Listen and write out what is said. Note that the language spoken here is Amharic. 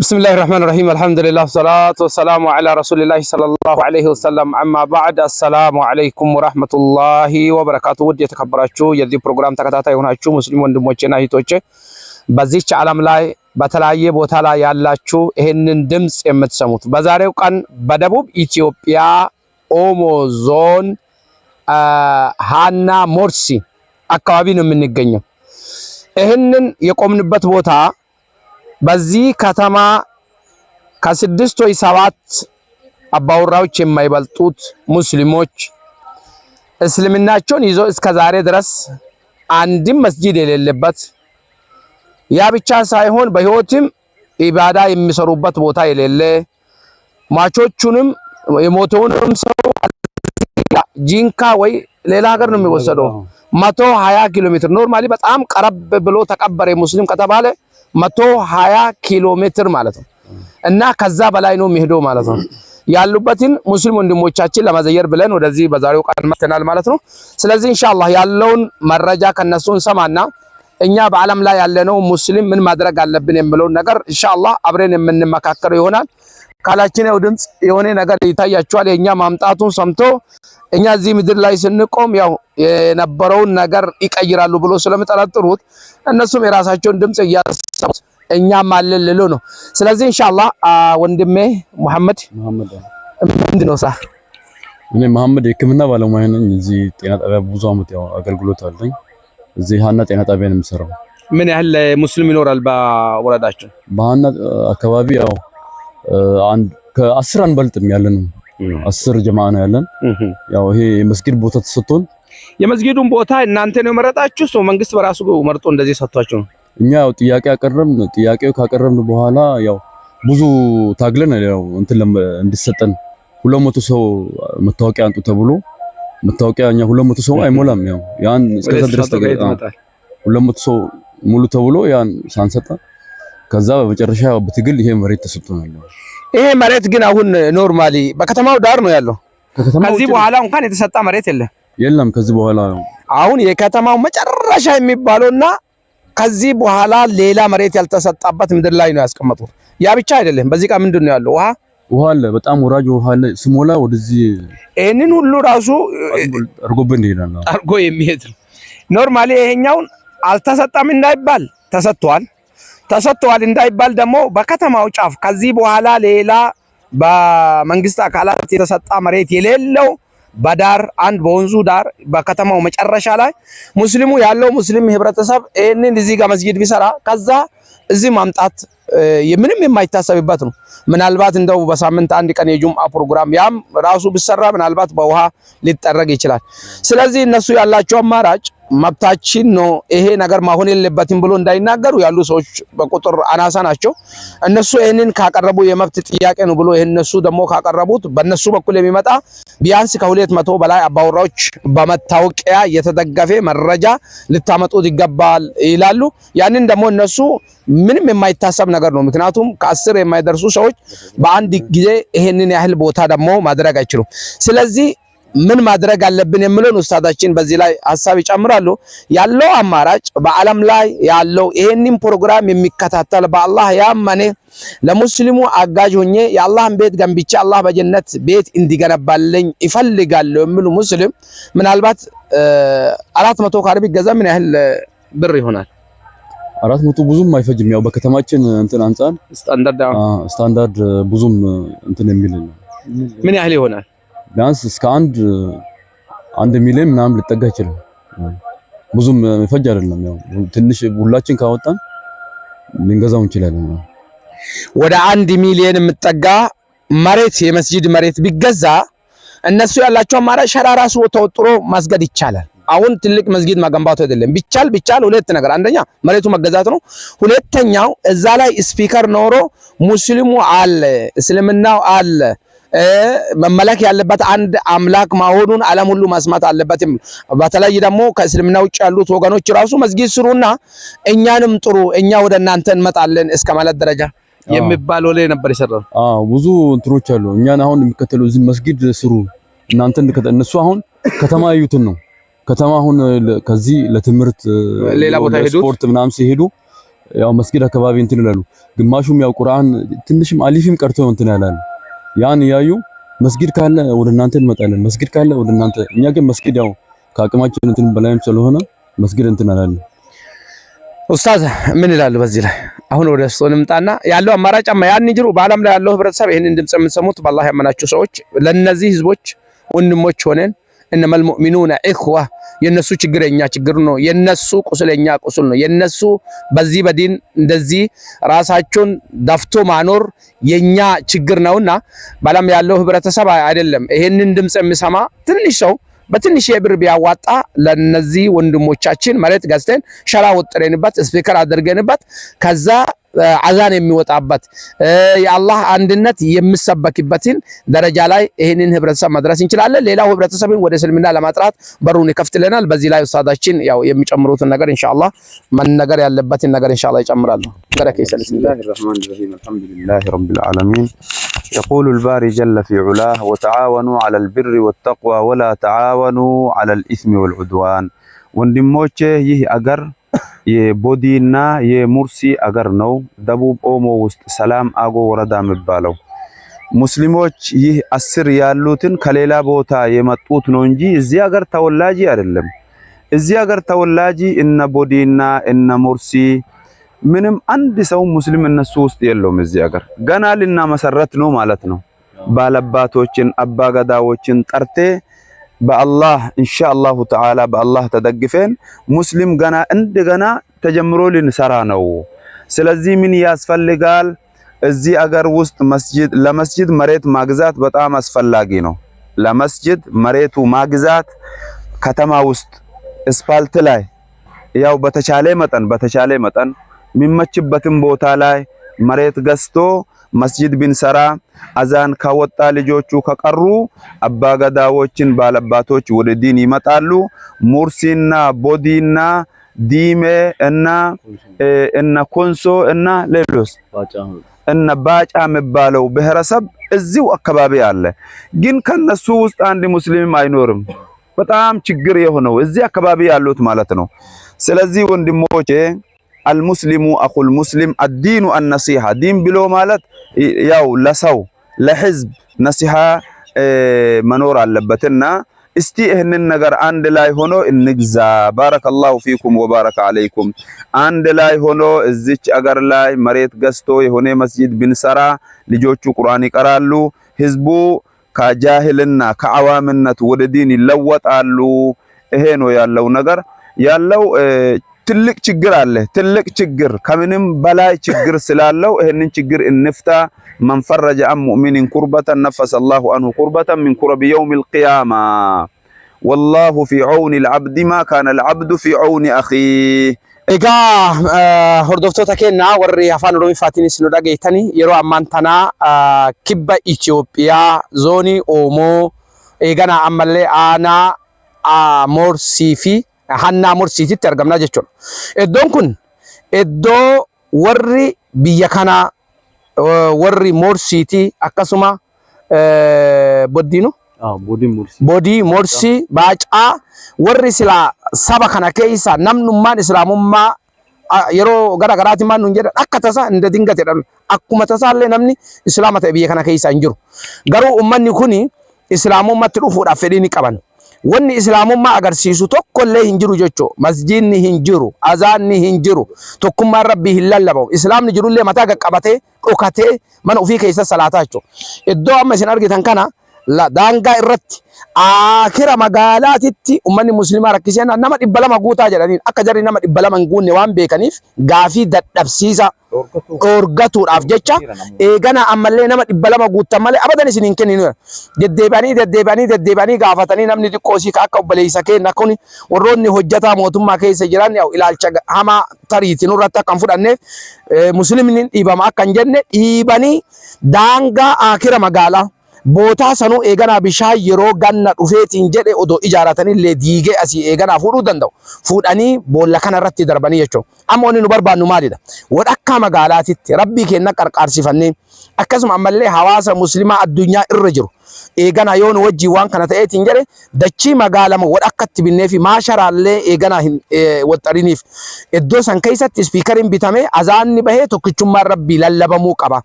ብስምላህ ራሕማን ረሂም አልሐምዱሊላህ ሰላት ወሰላሙ ዐላ ረሱሊላህ ሰለላሁ ዐለይሂ ወሰለም አማ ባዕድ አሰላሙ ዐለይኩም ወራህመቱላሂ ወበረካቱ። ውድ የተከበራችሁ የዚህ ፕሮግራም ተከታታይ የሆናችሁ ሙስሊም ወንድሞቼና እህቶቼ በዚች ዓለም ላይ በተለያየ ቦታ ላይ ያላችሁ ይህንን ድምፅ የምትሰሙት በዛሬው ቀን በደቡብ ኢትዮጵያ ኦሞ ዞን ሃና ሞርሲ አካባቢ ነው የምንገኘው። ይህንን የቆምንበት ቦታ በዚህ ከተማ ከስድስት ወይ ሰባት አባውራዎች የማይበልጡት ሙስሊሞች እስልምናቸውን ይዞ እስከ ዛሬ ድረስ አንድም መስጂድ የሌለበት ያ ብቻ ሳይሆን በህይወትም ኢባዳ የሚሰሩበት ቦታ የሌለ ሟቾቹንም የሞተውንም ሰው ጂንካ ወይ ሌላ ሀገር ነው የሚወሰደው። መቶ ሀያ ኪሎ ሜትር ኖርማሊ በጣም ቀረብ ብሎ ተቀበረ ሙስሊም ከተባለ መቶ ሀያ ኪሎ ሜትር ማለት ነው እና ከዛ በላይ ነው የሚሄደው ማለት ነው። ያሉበትን ሙስሊም ወንድሞቻችን ለመዘየር ብለን ወደዚህ በዛሬው ቀን መተናል ማለት ነው። ስለዚህ ኢንሻአላህ ያለውን መረጃ ከነሱ እንሰማና እኛ በዓለም ላይ ያለነው ሙስሊም ምን ማድረግ አለብን የሚለው ነገር ኢንሻአላህ አብረን የምንመካከረው ይሆናል። ካላችን ያው ድምጽ የሆነ ነገር ይታያቸዋል። የኛ ማምጣቱን ሰምቶ እኛ እዚህ ምድር ላይ ስንቆም ያው የነበረውን ነገር ይቀይራሉ ብሎ ስለምጠረጥሩት እነሱም የራሳቸውን ድምጽ እያስ የሚሰሩት እኛም አለን ልሎ ነው። ስለዚህ ኢንሻአላህ ወንድሜ መሐመድ መሐመድ ምንድን ነው ሳ እኔ መሐመድ የህክምና ባለሙያ ነኝ። እዚህ ጤና ጣቢያ ብዙ አመት ያው አገልግሎት አለኝ። እዚህ ሀና ጤና ጣቢያ ነው የምሰራው። ምን ያህል ሙስሊም ይኖራል በወረዳችን? በሀና አካባቢ ያው አንድ ከአስር አንበልጥም ያለን አስር ጀማ ነው ያለን። ያው ይሄ የመስጊድ ቦታ ተሰጥቶን የመስጊዱን ቦታ እናንተ ነው የመረጣችሁ? ሰው መንግስት በራሱ መርጦ እንደዚህ ሰጥቷችሁ ነው? እኛ ያው ጥያቄ አቀረብን። ጥያቄው ካቀረብን በኋላ ያው ብዙ ታግለን ያው እንትን እንዲሰጠን ሁለት መቶ ሰው መታወቂያ አንጡ ተብሎ መታወቂያ እኛ ሁለት መቶ ሰው አይሞላም። ያው ያን እስከዛ ድረስ ተገጣ ሁለት መቶ ሰው ሙሉ ተብሎ ያን ሳንሰጠ ከዛ በመጨረሻ በትግል ይሄ መሬት ተሰጥቶናል። ይሄ መሬት ግን አሁን ኖርማሊ በከተማው ዳር ነው ያለው። ከዚህ በኋላ እንኳን የተሰጣ መሬት የለም የለም። ከዚህ በኋላ አሁን የከተማው መጨረሻ የሚባለውና ከዚህ በኋላ ሌላ መሬት ያልተሰጣበት ምድር ላይ ነው ያስቀመጡት። ያ ብቻ አይደለም። በዚህ ቃ ምንድን ነው ያለው ውሃ ውሃ አለ፣ በጣም ወራጅ ውሃ አለ። ስሞላ ወደዚህ ይህንን ሁሉ ራሱ አርጎብን ይላል። አርጎ የሚሄድ ነው ኖርማሊ። ይሄኛውን አልተሰጣም እንዳይባል ተሰጥቷል፣ ተሰጥቷል እንዳይባል ደግሞ በከተማው ጫፍ ከዚህ በኋላ ሌላ በመንግስት አካላት የተሰጣ መሬት የሌለው በዳር አንድ በወንዙ ዳር በከተማው መጨረሻ ላይ ሙስሊሙ ያለው ሙስሊም ህብረተሰብ ይህንን እዚህ ጋር መስጊድ ቢሰራ ከዛ እዚህ ማምጣት ምንም የማይታሰብበት ነው። ምናልባት እንደው በሳምንት አንድ ቀን የጁምአ ፕሮግራም ያም ራሱ ቢሰራ ምናልባት በውሃ ሊጠረግ ይችላል። ስለዚህ እነሱ ያላቸው አማራጭ መብታችን ነው ይሄ ነገር መሆን የለበትም ብሎ እንዳይናገሩ ያሉ ሰዎች በቁጥር አናሳ ናቸው። እነሱ ይህንን ካቀረቡ የመብት ጥያቄ ነው ብሎ እነሱ ደግሞ ካቀረቡት በእነሱ በኩል የሚመጣ ቢያንስ ከሁለት መቶ በላይ አባወራዎች በመታወቂያ የተደገፈ መረጃ ልታመጡት ይገባል ይላሉ። ያንን ደግሞ እነሱ ምንም የማይታሰብ ነገር ነው። ምክንያቱም ከአስር የማይደርሱ ሰዎች በአንድ ጊዜ ይህንን ያህል ቦታ ደግሞ ማድረግ አይችሉም። ስለዚህ ምን ማድረግ አለብን የሚለውን ውስታታችን በዚህ ላይ ሀሳብ ይጨምራሉ። ያለው አማራጭ በዓለም ላይ ያለው ይሄንን ፕሮግራም የሚከታተል በአላህ ያመኔ ለሙስሊሙ አጋዥ ሆኜ የአላህን ቤት ገንብቼ አላህ በጀነት ቤት እንዲገነባልኝ ይፈልጋለሁ የሚሉ ሙስሊም ምናልባት አራት መቶ ካሬ ቢገዛ ምን ያህል ብር ይሆናል? አራት መቶ ብዙም አይፈጅም። ያው በከተማችን እንትን አንጻር ስታንዳርድ ብዙም እንትን የሚል ምን ያህል ይሆናል? ቢያንስ እስከ አንድ አንድ ሚሊዮን ምናምን ልጠጋ ይችላል። ብዙም ፈጅ አይደለም። ያው ትንሽ ሁላችን ካወጣን ልንገዛው እንችላለን። ወደ አንድ ሚሊዮን የምጠጋ መሬት የመስጂድ መሬት ቢገዛ እነሱ ያላቸው አማራጭ ሸራ ራሱ ተወጥሮ ማስገድ ይቻላል። አሁን ትልቅ መስጊድ ማገንባቱ አይደለም። ቢቻል ቢቻል ሁለት ነገር፣ አንደኛ መሬቱ መገዛት ነው። ሁለተኛው እዛ ላይ ስፒከር ኖሮ ሙስሊሙ አለ፣ እስልምናው አለ፣ መመለክ ያለበት አንድ አምላክ መሆኑን ዓለም ሁሉ መስማት አለበትም። በተለይ ደግሞ ከእስልምና ውጭ ያሉት ወገኖች ራሱ መስጊድ ስሩና እኛንም ጥሩ እኛ ወደ እናንተ እንመጣለን እስከ ማለት ደረጃ የሚባል ወላይ ነበር የሰራው። አዎ ብዙ እንትኖች አሉ። እኛን አሁን የሚከተሉ እዚህ መስጊድ ስሩ እናንተ እነሱ አሁን ከተማ ያዩትን ነው። ከተማ አሁን ከዚህ ለትምህርት ሌላ ቦታ ሄዱ፣ ስፖርት ምናምን ሲሄዱ ያው መስጊድ አካባቢ እንትን ይላሉ። ግማሹም ያው ቁርአን ትንሽም አሊፊም ቀርቶ እንትን ያላል። ያን ያዩ መስጊድ ካለ ወደ እናንተ እንመጣለን። መስጊድ ካለ ወደ እናንተ እኛ ግን መስጊድ ያው ከአቅማችን እንትን በላይም ስለሆነ መስጊድ እንትን አላለን። ኡስታዝ ምን ይላሉ በዚህ ላይ? አሁን ወደ እሱ እንምጣና ያለው አማራጭማ ያን ይጅሩ በዓለም ላይ ያለው ህብረተሰብ ይህንን ድምጽ የምትሰሙት በአላህ ያመናችሁ ሰዎች ለነዚህ ህዝቦች ወንድሞች ሆነን እነመል ሙእሚኑነ ኢኽዋ የነሱ ችግረኛ ችግር ነው። የነሱ ቁስለኛ ቁስል ነው። የነሱ በዚህ በዲን እንደዚህ ራሳቸውን ዳፍቶ ማኖር የኛ ችግር ነውና በዓለም ያለው ህብረተሰብ አይደለም። ይሄንን ድምፅ የሚሰማ ትንሽ ሰው በትንሽ የብር ቢያዋጣ ለነዚህ ወንድሞቻችን መሬት ገዝተን ሸራ ወጥረንበት ስፒከር አድርገንበት ከዛ አዛን የሚወጣበት የአላህ አንድነት የሚሰበክበትን ደረጃ ላይ ይህንን ህብረተሰብ መድረስ እንችላለን። ሌላው ህብረተሰብን ወደ እስልምና ለማጥራት በሩን ይከፍትልናል። በዚህ ላይ ኡስታዳችን ያው የሚጨምሩትን ነገር ኢንሻአላህ መነገር ያለበትን ነገር ኢንሻአላህ ይጨምራሉ። ብስሚላሂ ረህማኒ ረሂም አልሐምዱሊላሂ ረቢል ዓለሚን የቁሉ አልባሪ ጀለ ፊ ዑላህ ወተዓወኑ ዐለል ቢሪ ወተቅዋ ወላ ተዓወኑ ዐለል ኢስሚ ወልዑድዋን ወንድሞቼ ይህ የቦዲና የሙርሲ አገር ነው። ደቡብ ኦሞ ውስጥ ሰላም አጎ ወረዳ የሚባለው ሙስሊሞች ይህ አስር ያሉትን ከሌላ ቦታ የመጡት ነው እንጂ እዚህ ሀገር ተወላጅ አይደለም። እዚህ ሀገር ተወላጅ እነ ቦዲና እነ ሙርሲ ምንም አንድ ሰው ሙስሊም እነሱ ውስጥ የለውም። እዚህ ሀገር ገና መሰረት ነው ማለት ነው። ባለባቶችን አባገዳዎችን ጠርቴ በአላህ ኢንሻአላሁ ተዓላ በአላህ ተደግፈን ሙስሊም ገና እንደገና ተጀምሮ ልንሰራ ነው። ስለዚህ ምን ያስፈልጋል? እዚህ አገር ውስጥ መስጂድ ለመስጂድ መሬት ማግዛት በጣም አስፈላጊ ነው። ለመስጂድ መሬቱ ማግዛት ከተማ ውስጥ እስፓልት ላይ ያው በተቻለ መጠን በተቻለ መጠን የሚመችበትን ቦታ ላይ መሬት ገዝቶ መስጂድ ብንሰራ አዛን ካወጣ ልጆቹ ከቀሩ አባገዳዎችን ባለባቶች ወደ ዲን ይመጣሉ። ሙርሲና ቦዲና ዲሜ እና እና ኮንሶ እና ሌሎስ እና ባጫ የሚባለው ብሔረሰብ እዚው አካባቢ አለ። ግን ከነሱ ውስጥ አንድ ሙስሊምም አይኖርም። በጣም ችግር የሆነው እዚህ አካባቢ ያሉት ማለት ነው። ስለዚህ ወንድሞቼ አልሙስሊሙ አኹል ሙስሊም አዲኑ አነሲሃ ዲን ብሎ ማለት ያው ለሰው ለህዝብ ነሲሃ መኖር አለበትና እስቲ ይህንን ነገር አንድ ላይ ሆኖ እንግዛ። ባረከላሁ ፊኩም ወባረከ አለይኩም። አንድ ላይ ሆኖ እዚች አገር ላይ መሬት ገዝቶ የሆነ መስጂድ ብንሰራ ልጆቹ ቁርአን ይቀራሉ፣ ህዝቡ ከጃህልና ከአዋምነት ወደ ዲን ይለወጣሉ። ይሄ ነው ያለው ነገር ያለው ትልቅ ችግር አለ። ትልቅ ችግር ከምንም በላይ ችግር ስላለው ይህንን ችግር እንፍታ። መንፈረጀ አን ሙእሚኒን ኩርበተን ነፈሰ አላሁ አንሁ ኩርበተን ሚን ኩረቢ የውም ልቅያማ ወላሁ ፊ ዐውኒ ልዓብድ ማ ካነ ልዓብዱ ፊ ዐውኒ አኺህ Egaa hordoftoota keenya warri afaan Oromoo Faatinis nu dhageettan yeroo ammaan tana kibba Itoophiyaa zoonii Oomoo eegana ammallee aanaa Moorsii fi hannaa morsiisitti argamnaa jechuudha. Iddoon kun iddoo warri biyya kanaa warri morsiitii akkasuma boddiinu bodii morsii baacaa warri silaa saba kana keessa namnummaan islaamummaa yeroo garaagaraati maan nuun jedhan akka tasa hin dadingatedha. Akkuma tasaallee namni islaama ta'e biyya kana keessa hin jiru. Garuu uummanni kun islaamummatti dhufuudhaaf fedhii ni qaban. wanni islaamummaa agarsiisu tokkollee hin jiru jechuu masjiidni hin jiru azaanni hin jiru tokkummaan rabbii hin lallabamu islaamni jirullee mataa gaqqabatee dhokatee mana ofii keessa salaataa jechuu iddoo amma isin argitan kana la daangaa irratti akira magaalaatitti ummanni musliimaa rakkisee nama dhibba lama guutaa jedhaniin akka jarri nama dhibba lama hin guunne waan beekaniif gaafii dadhabsiisa dhoorgatuudhaaf jecha eegana ammallee nama dhibba lama guuttan malee abadan isin hin kenninu deddeebi'anii deddeebi'anii deddeebi'anii gaafatanii namni xiqqoo isii akka obboleessa kenna kun warroonni hojjetaa mootummaa keessa jiran ilaalcha hamaa tariitii nurratti akka hin fudhanneef musliimni dhiibama akka hin jenne dhiibanii daangaa akira magaalaa. bootaa sanuu eeganaa bishaan yeroo ganna dhufeetiin jedhe odoo ijaaratanillee diigee asii eeganaa fuudhuu danda'u. Fuudhanii boolla kana irratti darbanii jechuudha. Amma inni nu barbaannu maalidha? Wadhakkaa magaalaatitti rabbii keenya qarqaarsifannee akkasuma ammallee hawaasa muslimaa addunyaa irra jiru eeganaa yoo nu wajjin waan kana ta'eetiin jedhe dachii magaalama wadhakkatti binnee fi maasharaallee eeganaa hin waxxariniif iddoo san keessatti ispiikariin bitamee azaanni bahee tokkichummaan rabbii lallabamuu qaba.